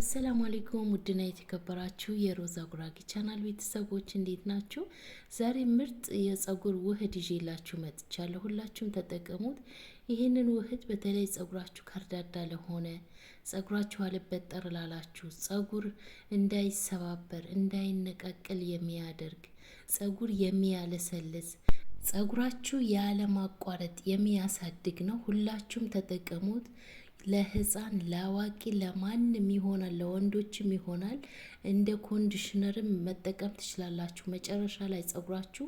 አሰላሙ አሌይኩም ውድና የተከበራችሁ የሮዛ ጉራጌ ቻናል ቤተሰቦች እንዴት ናችሁ? ዛሬ ምርጥ የጸጉር ውህድ ይዤላችሁ መጥቻለሁ። ሁላችሁም ተጠቀሙት። ይህንን ውህድ በተለይ ጸጉራችሁ ከርዳዳ ለሆነ ጸጉራችሁ አልበጠር ላላችሁ ጸጉር እንዳይሰባበር እንዳይነቃቅል የሚያደርግ ጸጉር የሚያለሰልስ ጸጉራችሁ ያለማቋረጥ የሚያሳድግ ነው። ሁላችሁም ተጠቀሙት። ለህፃን ለአዋቂ ለማንም ይሆናል፣ ለወንዶችም ይሆናል። እንደ ኮንዲሽነርም መጠቀም ትችላላችሁ። መጨረሻ ላይ ጸጉራችሁ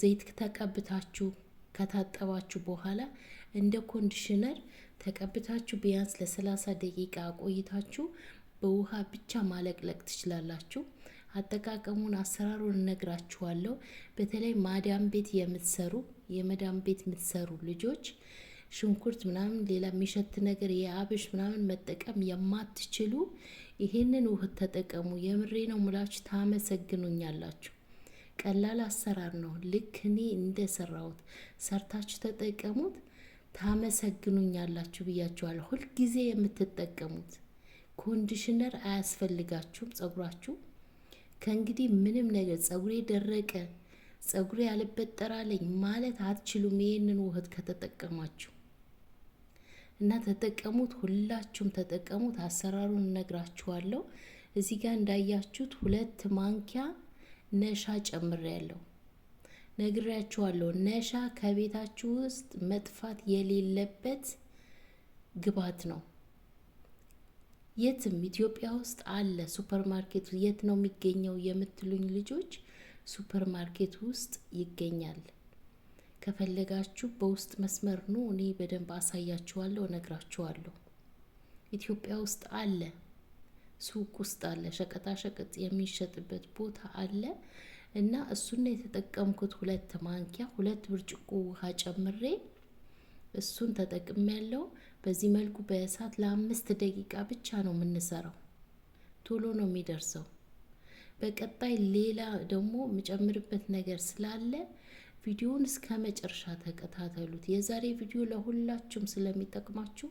ዘይት ተቀብታችሁ ከታጠባችሁ በኋላ እንደ ኮንዲሽነር ተቀብታችሁ ቢያንስ ለሰላሳ ደቂቃ ቆይታችሁ በውሃ ብቻ ማለቅለቅ ትችላላችሁ። አጠቃቀሙን አሰራሩን እነግራችኋለሁ። በተለይ ማዳም ቤት የምትሰሩ የመዳም ቤት የምትሰሩ ልጆች ሽንኩርት ምናምን ሌላ የሚሸት ነገር የአብሽ ምናምን መጠቀም የማትችሉ ይሄንን ውህድ ተጠቀሙ። የምሬ ነው ሙላችሁ ታመሰግኑኛላችሁ። ቀላል አሰራር ነው። ልክ እኔ እንደሰራሁት ሰርታችሁ ተጠቀሙት። ታመሰግኑኛላችሁ ብያችኋል። ሁልጊዜ የምትጠቀሙት ኮንዲሽነር አያስፈልጋችሁም። ጸጉራችሁ ከእንግዲህ ምንም ነገር ጸጉሬ ደረቀ፣ ጸጉሬ ያልበጠራለኝ ማለት አትችሉም ይህንን ውህድ ከተጠቀማችሁ። እና ተጠቀሙት፣ ሁላችሁም ተጠቀሙት። አሰራሩን እነግራችኋለሁ። እዚህ ጋር እንዳያችሁት ሁለት ማንኪያ ነሻ ጨምሬያለሁ። ነግሬያችኋለሁ። ነሻ ከቤታችሁ ውስጥ መጥፋት የሌለበት ግብዓት ነው። የትም ኢትዮጵያ ውስጥ አለ። ሱፐር የት ነው የሚገኘው የምትሉኝ ልጆች፣ ሱፐር ማርኬት ውስጥ ይገኛል። ከፈለጋችሁ በውስጥ መስመር ኑ፣ እኔ በደንብ አሳያችኋለሁ፣ እነግራችኋለሁ። ኢትዮጵያ ውስጥ አለ፣ ሱቅ ውስጥ አለ፣ ሸቀጣ ሸቀጥ የሚሸጥበት ቦታ አለ። እና እሱን የተጠቀምኩት። ሁለት ማንኪያ ሁለት ብርጭቆ ውሃ ጨምሬ እሱን ተጠቅም ያለው። በዚህ መልኩ በእሳት ለአምስት ደቂቃ ብቻ ነው የምንሰራው። ቶሎ ነው የሚደርሰው። በቀጣይ ሌላ ደግሞ የምጨምርበት ነገር ስላለ ቪዲዮውን እስከ መጨረሻ ተከታተሉት። የዛሬ ቪዲዮ ለሁላችሁም ስለሚጠቅማችሁ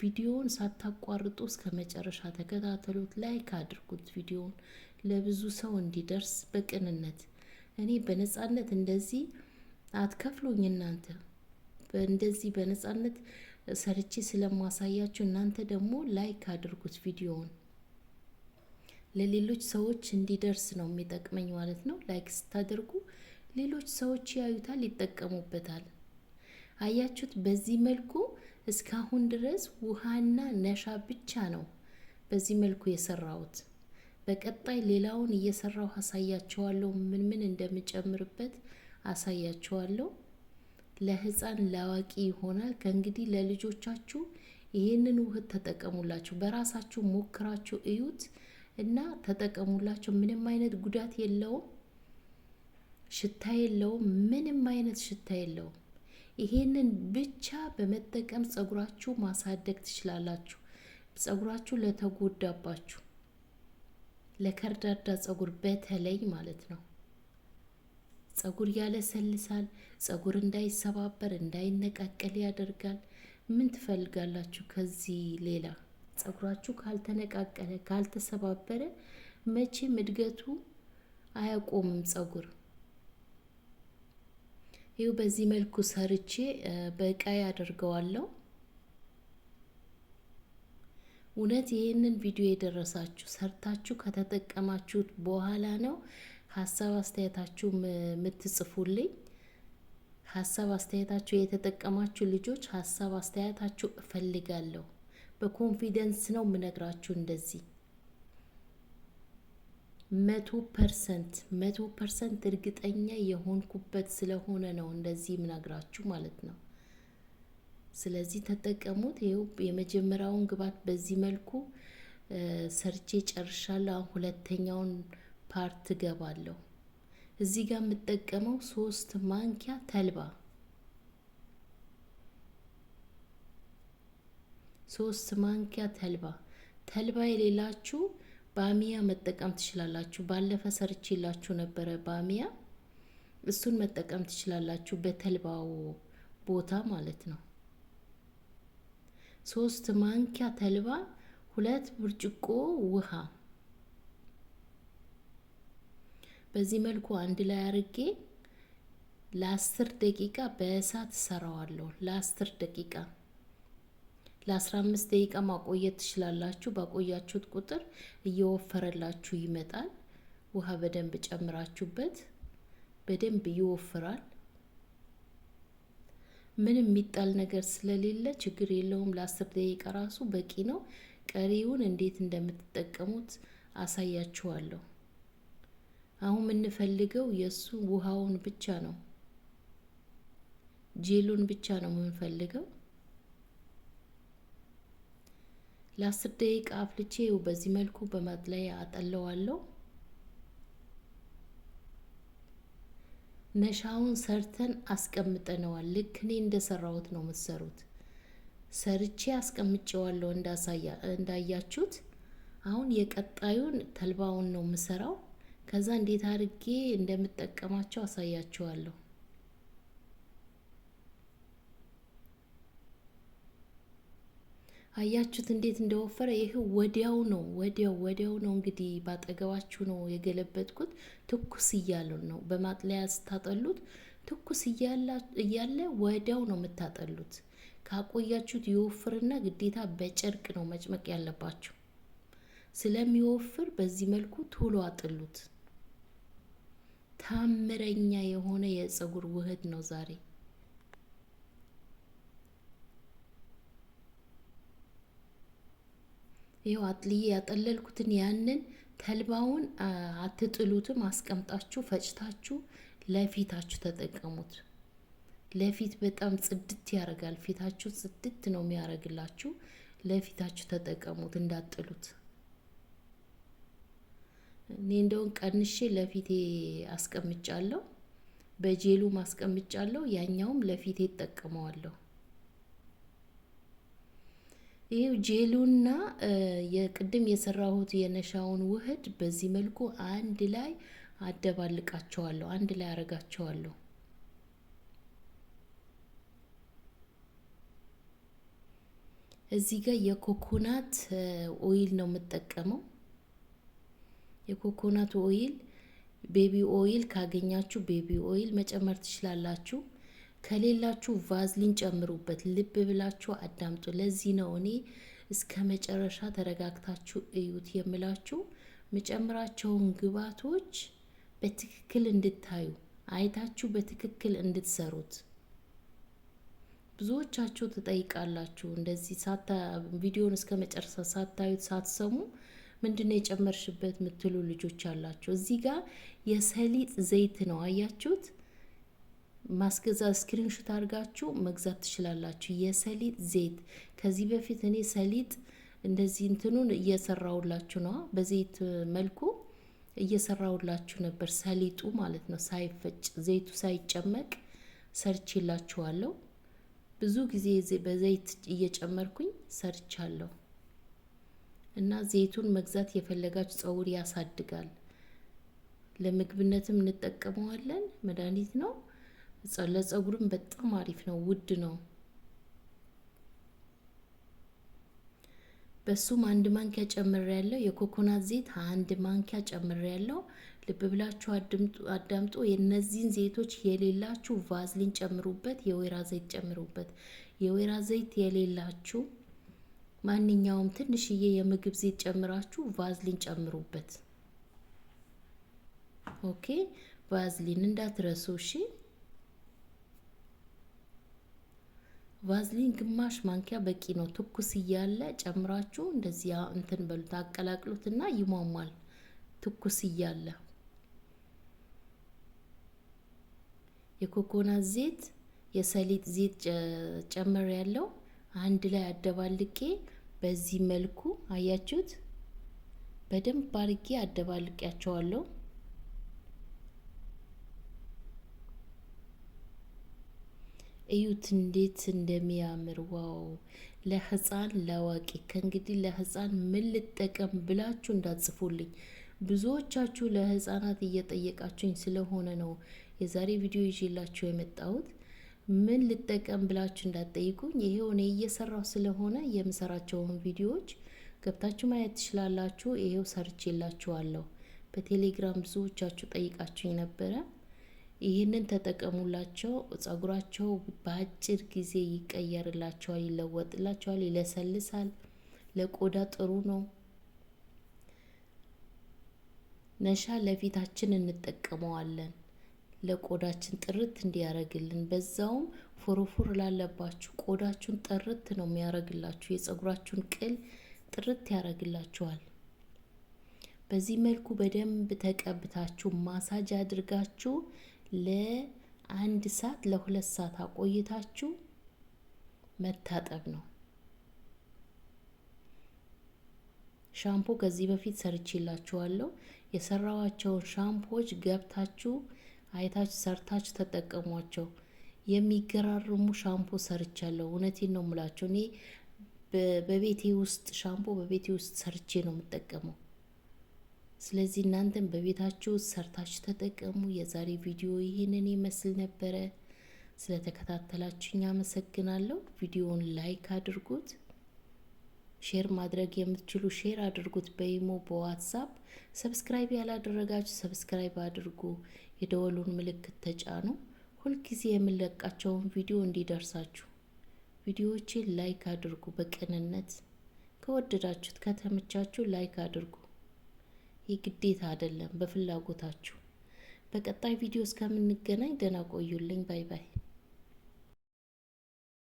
ቪዲዮውን ሳታቋርጡ እስከ መጨረሻ ተከታተሉት። ላይክ አድርጉት። ቪዲዮውን ለብዙ ሰው እንዲደርስ በቅንነት እኔ በነጻነት እንደዚህ አትከፍሉኝ። እናንተ እንደዚህ በነጻነት ሰርቼ ስለማሳያችሁ እናንተ ደግሞ ላይክ አድርጉት ቪዲዮውን ለሌሎች ሰዎች እንዲደርስ ነው የሚጠቅመኝ ማለት ነው። ላይክ ስታደርጉ ሌሎች ሰዎች ያዩታል፣ ይጠቀሙበታል። አያችሁት? በዚህ መልኩ እስካሁን ድረስ ውሃና ነሻ ብቻ ነው በዚህ መልኩ የሰራሁት። በቀጣይ ሌላውን እየሰራሁ አሳያችኋለሁ። ምን ምን እንደምጨምርበት አሳያችኋለሁ። ለህፃን ለአዋቂ ይሆናል። ከእንግዲህ ለልጆቻችሁ ይህንን ውህድ ተጠቀሙላችሁ፣ በራሳችሁ ሞክራችሁ እዩት እና ተጠቀሙላችሁ። ምንም አይነት ጉዳት የለውም። ሽታ የለውም፣ ምንም አይነት ሽታ የለውም። ይሄንን ብቻ በመጠቀም ጸጉራችሁ ማሳደግ ትችላላችሁ። ጸጉራችሁ ለተጎዳባችሁ ለከርዳዳ ጸጉር በተለይ ማለት ነው። ጸጉር ያለሰልሳል። ጸጉር እንዳይሰባበር እንዳይነቃቀል ያደርጋል። ምን ትፈልጋላችሁ ከዚህ ሌላ? ጸጉራችሁ ካልተነቃቀለ ካልተሰባበረ መቼም እድገቱ አያቆምም ጸጉር ይህ በዚህ መልኩ ሰርቼ በቃይ አድርገዋለሁ እውነት ይህንን ቪዲዮ የደረሳችሁ ሰርታችሁ ከተጠቀማችሁት በኋላ ነው ሀሳብ አስተያየታችሁ የምትጽፉልኝ። ሀሳብ አስተያየታችሁ የተጠቀማችሁ ልጆች ሀሳብ አስተያየታችሁ እፈልጋለሁ። በኮንፊደንስ ነው የምነግራችሁ እንደዚህ መቶ ፐርሰንት መቶ ፐርሰንት እርግጠኛ የሆንኩበት ስለሆነ ነው እንደዚህ ምነግራችሁ ማለት ነው። ስለዚህ ተጠቀሙት። ይኸው የመጀመሪያውን ግብአት በዚህ መልኩ ሰርቼ ጨርሻለሁ። አሁን ሁለተኛውን ፓርት ገባለሁ። እዚህ ጋር የምጠቀመው ሶስት ማንኪያ ተልባ ሶስት ማንኪያ ተልባ ተልባ የሌላችሁ ባሚያ መጠቀም ትችላላችሁ። ባለፈ ሰርቼላችሁ ነበረ ባሚያ እሱን መጠቀም ትችላላችሁ። በተልባው ቦታ ማለት ነው። ሶስት ማንኪያ ተልባ፣ ሁለት ብርጭቆ ውሃ በዚህ መልኩ አንድ ላይ አርጌ ለአስር ደቂቃ በእሳት ሰራዋለሁ። ለአስር ደቂቃ ለ15 ደቂቃ ማቆየት ትችላላችሁ። ባቆያችሁት ቁጥር እየወፈረላችሁ ይመጣል። ውሃ በደንብ ጨምራችሁበት በደንብ ይወፍራል። ምንም የሚጣል ነገር ስለሌለ ችግር የለውም። ለአስር ደቂቃ ራሱ በቂ ነው። ቀሪውን እንዴት እንደምትጠቀሙት አሳያችኋለሁ። አሁን የምንፈልገው የእሱ ውሃውን ብቻ ነው፣ ጄሉን ብቻ ነው የምንፈልገው። ለአስር ደቂቃ አፍልቼ ይኸው በዚህ መልኩ በማጥለያ አጠለዋለሁ። ነሻውን ሰርተን አስቀምጠነዋል። ልክ እኔ እንደሰራሁት ነው የምትሰሩት። ሰርቼ አስቀምጬዋለሁ እንዳያችሁት። አሁን የቀጣዩን ተልባውን ነው የምሰራው። ከዛ እንዴት አድርጌ እንደምጠቀማቸው አሳያችኋለሁ። አያችሁት እንዴት እንደወፈረ። ይህ ወዲያው ነው ወዲያው ወዲያው ነው እንግዲህ ባጠገባችሁ ነው የገለበጥኩት። ትኩስ እያለ ነው በማጥለያ ስታጠሉት፣ ትኩስ እያለ ወዲያው ነው የምታጠሉት። ካቆያችሁት የወፍርና ግዴታ በጨርቅ ነው መጭመቅ ያለባችሁ። ስለሚወፍር በዚህ መልኩ ቶሎ አጥሉት። ታምረኛ የሆነ የፀጉር ውህድ ነው ዛሬ ይኸው አጥልዬ ያጠለልኩትን ያንን ተልባውን አትጥሉትም፣ አስቀምጣችሁ ፈጭታችሁ ለፊታችሁ ተጠቀሙት። ለፊት በጣም ጽድት ያደርጋል። ፊታችሁ ጽድት ነው የሚያደርግላችሁ። ለፊታችሁ ተጠቀሙት፣ እንዳጥሉት። እኔ እንደውን ቀንሼ ለፊቴ አስቀምጫለሁ፣ በጄሉም አስቀምጫለሁ። ያኛውም ለፊቴ እጠቀመዋለሁ። ይህ ጄሉና የቅድም የሰራሁት የነሻውን ውህድ በዚህ መልኩ አንድ ላይ አደባልቃቸዋለሁ፣ አንድ ላይ አረጋቸዋለሁ። እዚህ ጋር የኮኮናት ኦይል ነው የምጠቀመው። የኮኮናት ኦይል ቤቢ ኦይል ካገኛችሁ ቤቢ ኦይል መጨመር ትችላላችሁ። ከሌላችሁ ቫዝሊን ጨምሩበት። ልብ ብላችሁ አዳምጡ። ለዚህ ነው እኔ እስከ መጨረሻ ተረጋግታችሁ እዩት የምላችሁ። መጨምራቸውን ግብዓቶች በትክክል እንድታዩ አይታችሁ በትክክል እንድትሰሩት። ብዙዎቻችሁ ትጠይቃላችሁ፣ እንደዚህ ቪዲዮን እስከ መጨረሻ ሳታዩት ሳትሰሙ ምንድነው የጨመርሽበት ምትሉ ልጆች አላችሁ። እዚህ ጋር የሰሊጥ ዘይት ነው አያችሁት። ማስገዛ ስክሪንሹት አድርጋችሁ መግዛት ትችላላችሁ። የሰሊጥ ዘይት ከዚህ በፊት እኔ ሰሊጥ እንደዚህ እንትኑን እየሰራውላችሁ ነው፣ በዘይት መልኩ እየሰራውላችሁ ነበር። ሰሊጡ ማለት ነው ሳይፈጭ ዘይቱ ሳይጨመቅ ሰርቼላችኋለሁ። ብዙ ጊዜ በዘይት እየጨመርኩኝ ሰርቻለሁ። እና ዘይቱን መግዛት የፈለጋችሁ ፀጉር ያሳድጋል፣ ለምግብነትም እንጠቀመዋለን። መድኃኒት ነው። ለፀጉርም በጣም አሪፍ ነው፣ ውድ ነው። በሱም አንድ ማንኪያ ጨምር ያለው የኮኮናት ዘይት አንድ ማንኪያ ጨምር ያለው። ልብ ብላችሁ አዳምጦ የእነዚህን ዘይቶች የሌላችሁ ቫዝሊን ጨምሩበት፣ የወይራ ዘይት ጨምሩበት። የወይራ ዘይት የሌላችሁ ማንኛውም ትንሽዬ የምግብ ዘይት ጨምራችሁ ቫዝሊን ጨምሩበት። ኦኬ ቫዝሊን እንዳትረሱ እሺ። ቫዝሊን ግማሽ ማንኪያ በቂ ነው። ትኩስ እያለ ጨምራችሁ እንደዚያ እንትን በሉት አቀላቅሉትና ይሟሟል። ትኩስ እያለ የኮኮናት ዜት የሰሊጥ ዜት ጨመር ያለው አንድ ላይ አደባልቄ በዚህ መልኩ አያችሁት፣ በደንብ ባርጌ አደባልቄያቸዋለሁ። እዩት እንዴት እንደሚያምር ዋው! ለህፃን ለዋቂ ከእንግዲህ ለህፃን ምን ልጠቀም ብላችሁ እንዳጽፉልኝ ብዙዎቻችሁ ለህፃናት እየጠየቃችሁኝ ስለሆነ ነው የዛሬ ቪዲዮ ይዤላችሁ የመጣሁት። ምን ልጠቀም ብላችሁ እንዳትጠይቁኝ። ይሄው እኔ እየሰራሁ ስለሆነ የምሰራቸውን ቪዲዮዎች ገብታችሁ ማየት ትችላላችሁ። ይሄው ሰርቼላችኋለሁ። በቴሌግራም ብዙዎቻችሁ ጠይቃችሁኝ ነበረ። ይህንን ተጠቀሙላቸው። ጸጉራቸው በአጭር ጊዜ ይቀየርላቸዋል፣ ይለወጥላቸዋል፣ ይለሰልሳል። ለቆዳ ጥሩ ነው። ነሻ ለፊታችን እንጠቀመዋለን ለቆዳችን ጥርት እንዲያረግልን። በዛውም ፉርፉር ላለባችሁ ቆዳችሁን ጥርት ነው የሚያደርግላችሁ። የጸጉራችሁን ቅል ጥርት ያረግላችኋል። በዚህ መልኩ በደንብ ተቀብታችሁ ማሳጅ አድርጋችሁ ለአንድ ሰዓት ለሁለት ሰዓት አቆይታችሁ መታጠብ ነው። ሻምፖ ከዚህ በፊት ሰርቼላችኋለሁ። የሰራኋቸውን ሻምፖዎች ገብታችሁ አይታችሁ ሰርታችሁ ተጠቀሟቸው። የሚገራርሙ ሻምፖ ሰርቻለሁ። እውነቴን ነው የምላቸው። እኔ በቤቴ ውስጥ ሻምፖ በቤቴ ውስጥ ሰርቼ ነው የምጠቀመው። ስለዚህ እናንተን በቤታችሁ ሰርታችሁ ተጠቀሙ። የዛሬ ቪዲዮ ይህንን ይመስል ነበረ። ስለተከታተላችሁኝ አመሰግናለሁ። ቪዲዮውን ላይክ አድርጉት። ሼር ማድረግ የምትችሉ ሼር አድርጉት፣ በኢሞ በዋትሳፕ። ሰብስክራይብ ያላደረጋችሁ ሰብስክራይብ አድርጉ፣ የደወሉን ምልክት ተጫኑ። ሁልጊዜ የምንለቃቸውን ቪዲዮ እንዲደርሳችሁ ቪዲዮዎችን ላይክ አድርጉ። በቅንነት ከወደዳችሁት ከተመቻችሁ ላይክ አድርጉ። የግዴታ አይደለም፣ በፍላጎታችሁ። በቀጣይ ቪዲዮ እስከምንገናኝ ደህና ቆዩልኝ። ባይ ባይ።